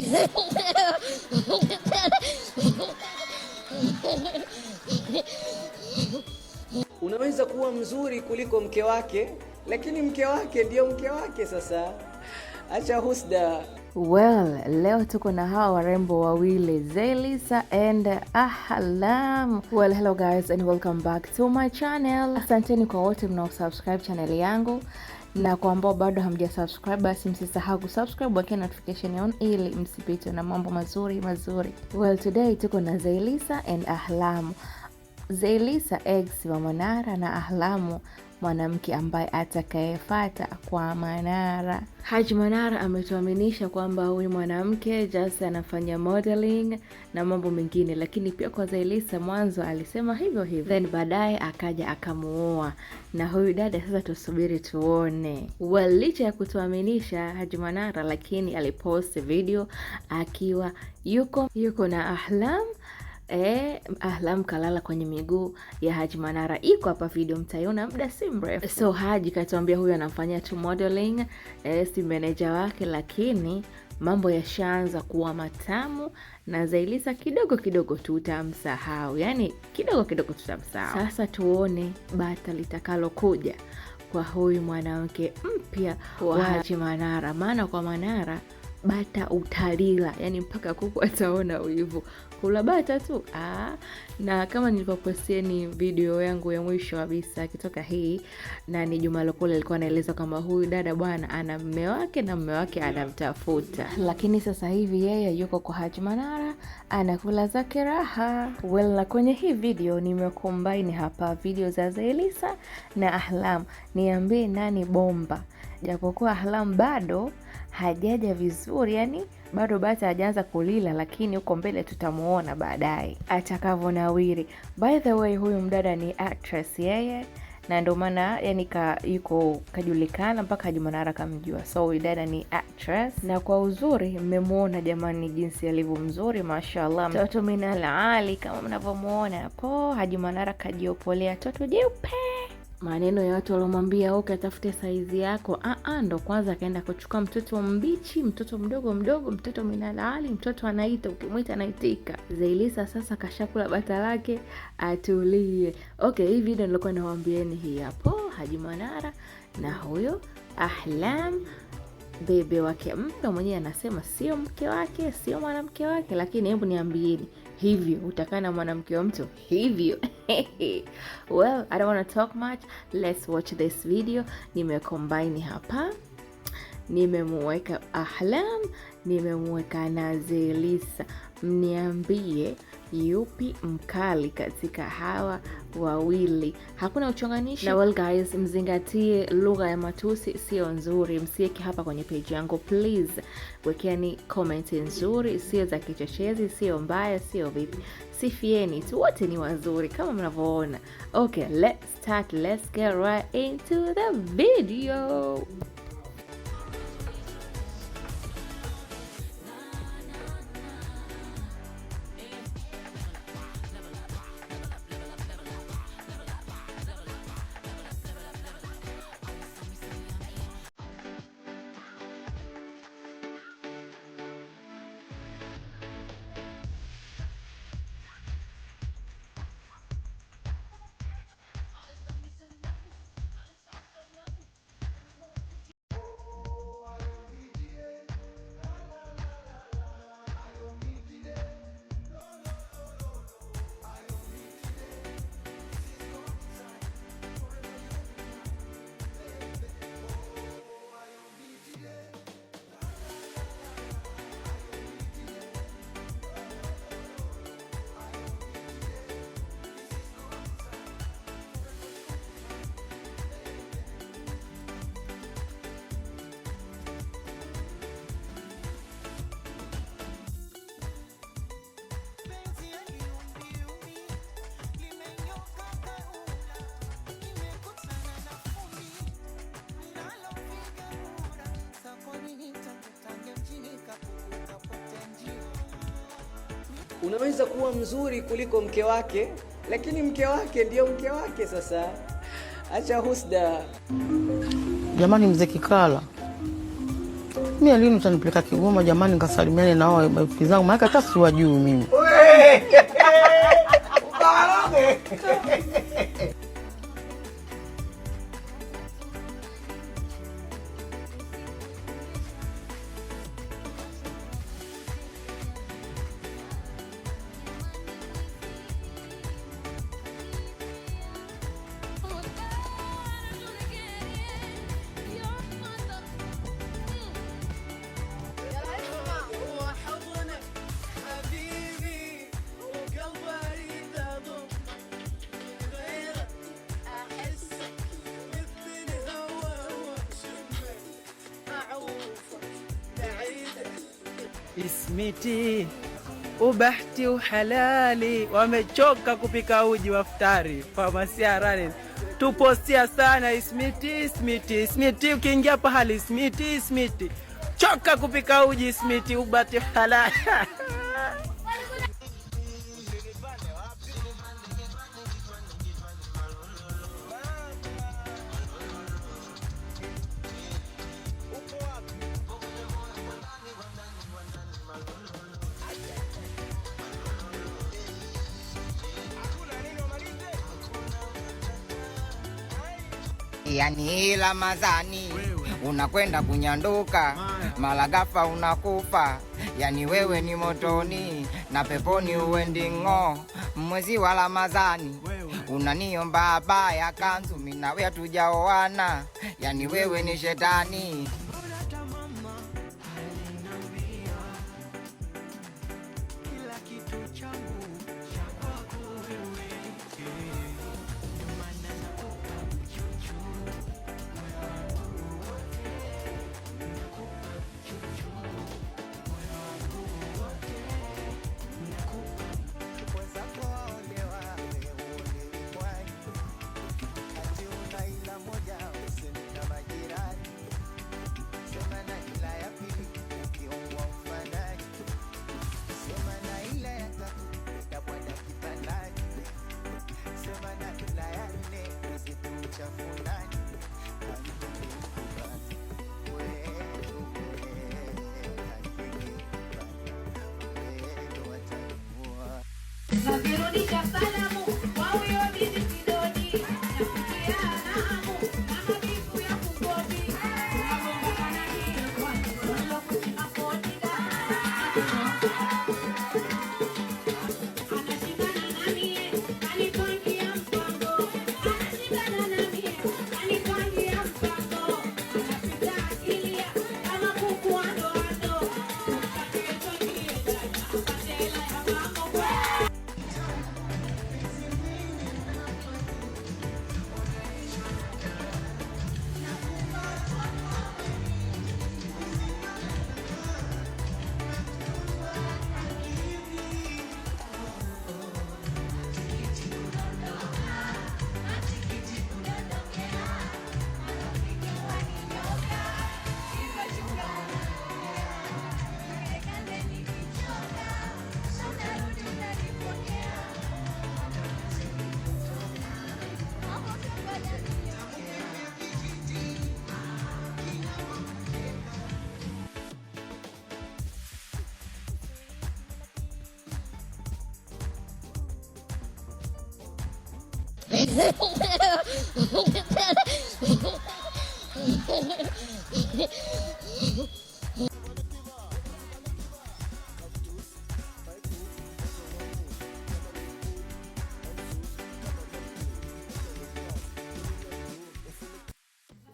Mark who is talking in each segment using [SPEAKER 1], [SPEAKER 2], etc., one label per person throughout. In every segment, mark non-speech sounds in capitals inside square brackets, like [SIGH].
[SPEAKER 1] [LAUGHS] Unaweza kuwa mzuri kuliko mke wake, lakini mke wake ndio mke wake. Sasa acha husda.
[SPEAKER 2] Well, leo tuko na hawa warembo wawili Zelisa and Ahlam. Well, hello guys and welcome back to my channel. Asanteni kwa wote mnaosubscribe channel yangu na kwa ambao bado hamja subscribe basi msisahau kusubscribe wakia notification on ili msipitwe na mambo mazuri mazuri. Well, today tuko na Zailisa and Ahlamu. Zailisa ex wa Manara na Ahlamu mwanamke ambaye atakayefata kwa Manara. Haji Manara ametuaminisha kwamba huyu mwanamke Jasi anafanya modeling na mambo mengine, lakini pia kwa Zailisa mwanzo alisema hivyo hivyo, then baadaye akaja akamuoa na huyu dada. Sasa tusubiri tuone. Well, licha ya kutuaminisha Haji Manara, lakini alipost video akiwa yuko yuko na ahlam eh, Ahlam kalala kwenye miguu ya Haji Manara. Iko hapa video, mtaiona muda si mrefu. So Haji katuambia huyo anamfanyia tu modeling eh, si meneja wake, lakini mambo yashaanza kuwa matamu na Zailisa kidogo kidogo tutamsahau, yani kidogo kidogo tutamsahau. Sasa tuone bata litakalokuja kwa huyu mwanamke mpya wa Haji Manara, maana kwa Manara bata utalila, yani mpaka kuku ataona wivu. Kula bata tu aa. Na kama nilivyopostieni video yangu ya mwisho kabisa kitoka hii, na ni Juma Lokole alikuwa anaeleza kwamba huyu dada bwana ana mme wake na mme wake anamtafuta, lakini sasa hivi yeye yuko kwa Haji Manara anakula zake raha. Well, na kwenye hii video nimekombaini hapa video za Zailisa na Ahlam, niambie nani bomba, japokuwa Ahlam bado hajaja vizuri, yani bado bata hajaanza kulila, lakini huko mbele tutamuona baadaye atakavyonawiri. By the way, huyu mdada ni actress yeye na ndio maana yani ka, yuko kajulikana mpaka Haji Manara kamjua. So huyu dada ni actress, na kwa uzuri mmemwona jamani, jinsi alivyo mzuri, mashallah, mtoto minalali kama mnavyomuona hapo. Haji Manara kajiopolea toto jeupe maneno ya watu waliomwambia okay, atafute saizi yako. Aa, ah, ah, ndo kwanza akaenda kuchukua mtoto mbichi, mtoto mdogo mdogo, mtoto minalaali, mtoto anaita, ukimwita anaitika. Zailisa sasa kashakula bata lake, atulie. Okay, hii video nilikuwa nawaambieni hii hapo, Haji Manara na huyo Ahlam bebe wake mpya. Mwenyewe anasema sio mke wake, sio mwanamke wake, lakini hebu niambieni, hivyo utakaa na mwanamke wa mtu hivyo? [LAUGHS] Well, I don't want to talk much, let's watch this video. Nimekombaini hapa, nimemuweka Ahlam, nimemuweka Nazelisa, mniambie yupi mkali katika hawa wawili? Hakuna uchonganishi. Na well guys, mzingatie lugha ya matusi sio nzuri, msiweke hapa kwenye peji yangu please. Wekeni comment nzuri, sio za kichochezi, sio mbaya, sio vipi. Sifieni tu, wote ni wazuri kama mnavyoona. Okay, let's start, let's get right into the video. unaweza kuwa mzuri kuliko mke wake, lakini mke wake ndio mke wake. Sasa acha husda jamani. Mzee Kikala, mimi alini utanipeleka Kigoma jamani, nkasalimiane na wao marafiki zangu, maana hata siwajui mimi [LAUGHS] [LAUGHS] ismiti ubahti uhalali. Wamechoka kupika uji wa futari. Famasia Harare tupostia sana ismiti, ismiti, ismiti. Ukiingia pahali ismiti, ismiti, choka kupika uji ismiti, ubahti uhalali [LAUGHS] yani hii Ramadhani unakwenda kunyanduka, malagafa unakufa, yani wewe ni motoni na peponi uwendi ng'o. Mwezi wa Ramadhani unaniomba baya kanzu, mimi na yani wewe ni shetani. Veronica salamu. Salamo, Wawe Odidi Kidodi, na amu, mama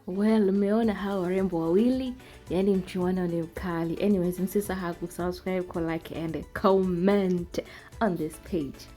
[SPEAKER 2] Well, mmeona hawa warembo wawili, yani mchuano ni mkali. Anyways, msisahau kusubscribe, ku like and comment on this page.